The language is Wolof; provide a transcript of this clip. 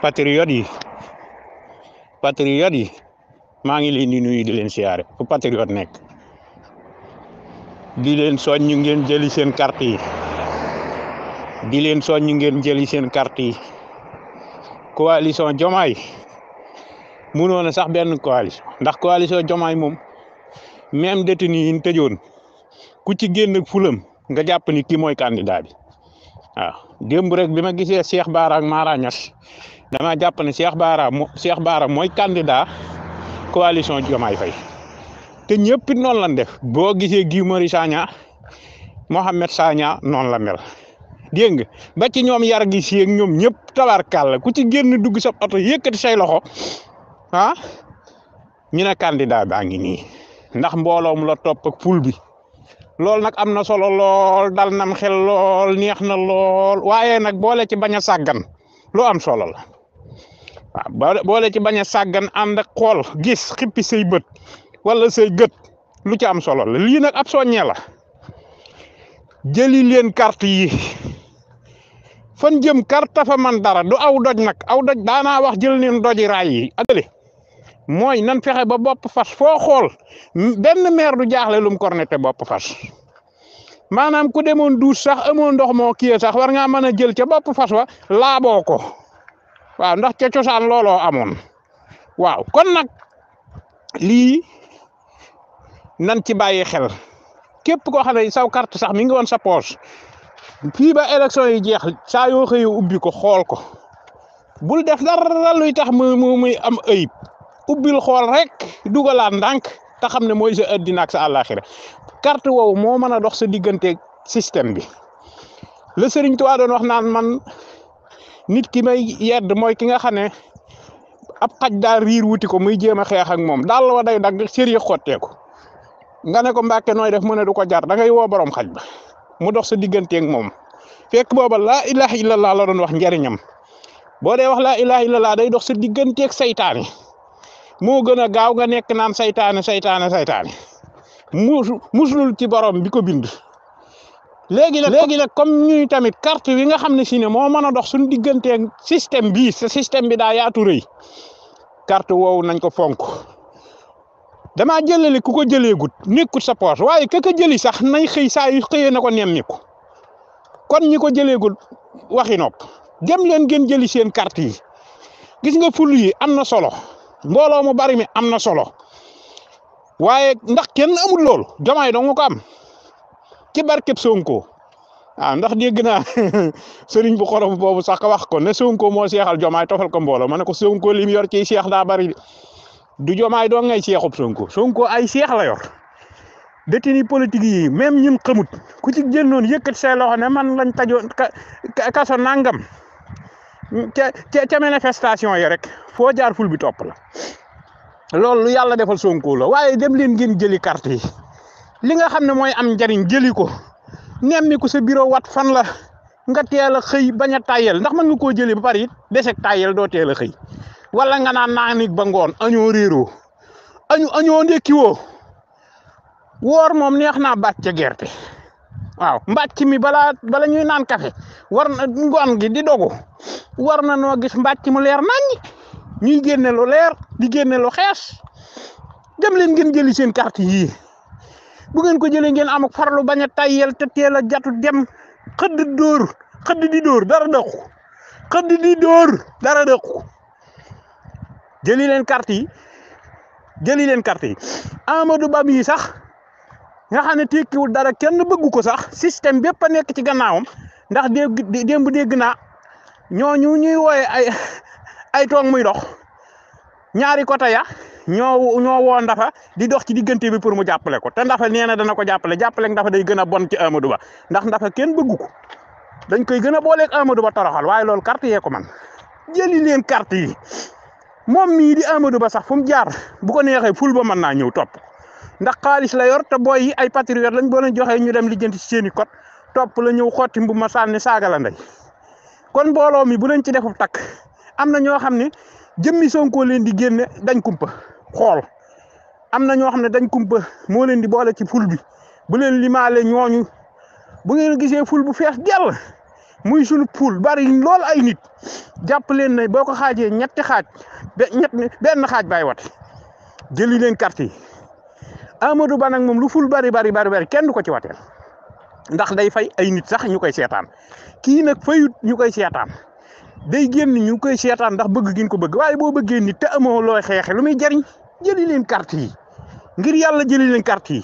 Patriodi, patriodi, patriotes yi ngi leen di nuyu di leen siyaare fu patriote nekk di leen soññu ngeen jëli seen carte yi di leen soññu ngeen jëli seen carte yi coalition Jomaay mënoon na sax benn coalition ndax coalition Jomaay moom même détenu yi ku ci génn ak fulam nga jàpp ni kii mooy candidat bi waaw démb rek bi ma Cheikh ak dama japp ne Cheikh Bara Cheikh Bara moy candidat coalition Diomaye fay te ñepp non la def bo gisee gui mari Sagna mohammed Sagna non la mel dégg ba ci ñom yar gi si ñom ñepp tabarkal ku ci genn dugg sa auto yekati say loxo ah ñu na candidat ba ngi ni ndax mbolo mu la top ak ful bi lol nak amna solo lol dal nam xel lol neex na waye nak bo le ci baña sagan lo am solo la boleh boole ci baña call and ak xol gis xippi sey beut wala sey geut lu ci am solo li nak ab soñe la jeli len carte yi fan jëm carte fa man dara du aw doj nak aw doj daanaa wax jël ni doji ray yi adale moy nan fexé ba bop fas fo xol ben maire du lum kornete bop fas manam ku demone douche sax amoo ndox mo kiyé sax war nga mëna jël ci bop fas wa la boko waaw ndax ca cosaan looloo amoon waaw kon nag lii nan ci bàyyi xel képp koo xam ne saw carte sax mi ngi woon sa poche fii ba élection yi jeex saa yoo xëyee ubbi ko xool ko bul def dara luy tax muy muy am ayib ubbil xool rek dugalaat ndànk ta xam ne mooy sa addina ak sa àllaaxira woowu moo mën a dox sa digganteeg système bi la Sëriñ Tuubaa doon wax man. nit ki may yedd mooy ki nga xam ne ab xaj daal riir wuti ko muy jéem a xeex ak moom daal la day dagg sër yi xotteeku nga ne ko mbàkke nooy def mu ne du ko jar da ngay borom xaj ba mu dox sa digganteek moom fek booba laa ilaha illallah la doon wax njariñam boo dee wax laa ilaha illallah day dox sa digganteeg saytaane moo gën a gaaw nga nekk naan saytaane saytaane saytaane musulul ci borom bi ko bind. léegi nag léegi nag comme ñuy tamit carte wi nga xam ne si ne moo mën a dox suñu digganteeg système bii sa système bi daa yaatu rëy carte woowu nañ ko fonk damaa jëlale ku ko jëleegut nekkut sa poche waaye ka ko jëli sax nañ xëy saa yu xëyee na ko nemmiku kon ñi ko jëleegul waxi nopp dem leen ngeen jëli seen carte yi gis nga ful yi am na solo mbooloo mu bari mi am na solo waaye ndax kenn amul loolu jomaay dong nga ko am. ci barkeb Sonko ah ndax deg na serigne bu xorom bobu sax wax ko ne Sonko mo seexal jomay tofal ko mbolo ma ko Sonko lim yor ci seex da bari du jomay do ngay seexub Sonko Sonko ay seex la yor detini politique yi même ñun xamut ku ci génnoon yëkkat say loxo ne man lañ tajoon kaso nangam ci ci manifestation yi ya rek fo jaar ful bi top la lolou yalla defal Sonko la waye dem leen ngeen jëli carte yi. li nga xam ne mooy am njariñ jëli ko nemmiku sa bureau wat fan la nga teel a xëy bañ a tàyyel ndax mën nga koo jëli ba pare it deseg tàyyel doo teel a xëy wala nga naan naa nit ba ngoon añoo réeroo añu añoo ndekki woo woor moom neex naa bàcc gerte waaw mbàcc mi balaa bala ñuy naan kafe war na ngoon gi di dogu war na noo gis mbàcc mu leer naññ ñuy génne lu leer di génne lu xees dem leen ngeen jëli seen carte yii bu ngeen ko jëlee ngeen am ak farlu bañ a tayyel te teel a jatu dem xëdd dóor xëdd di dóor dara dëkku xëdd di door dara dëkku jëli leen carte yi jëli leen carte yi bam yi sax nga xam ne tekkiwul dara kenn bëggu ko sax système bépp a nekk ci gannaawam ndax dégg démb dégg naa ñooñu ñuy wooye ay ay toog muy dox ñaari côté ya ñoo ñoo woo Ndafa di dox ci diggante bi pour mu jàppale ko te Ndafa nee na dana ko jàppale jàppale Ndafa day gën a bon ci Amadou Ba ndax Ndafa kenn bëggu ko dañ koy gën a booleeg Amadou Ba toroxal waaye loolu carte ko man jëli leen carte yi di Amadou Ba sax fu mu jaar bu ko neexee ful ba mën naa ñëw topp ndax xaalis la yor te booy yi ay patriote lañ timbu leen joxee ñu dem ci seeni la ñëw mbu ma kon mbooloo mi bu leen ci defub takk am na ñoo xam ne jëmmi Sonko leen di dañ kumpa xool am na ñoo xam ne dañ kumpa moo leen di boole ci ful bi bu leen limaale ñooñu bu ngeen gisee ful bu fees dell muy sunu ful bari lool ay nit jàpp leen ne boo ko xaajee ñetti xaaj ñett benn xaaj bàyyi wat jëli leen carte yi Ba nag moom lu ful bari bari bari bari kenn du ko ci wateel ndax day fay ay nit sax ñu koy seetaan kii nag fayut ñu koy seetaan. day génn ñu koy seetaan ndax bëgg gin ko bëgg waaye boo bëggee nit te amoo looy xeexe lu muy jariñ jëli leen kart yi ngir yàlla jëli leen carte yi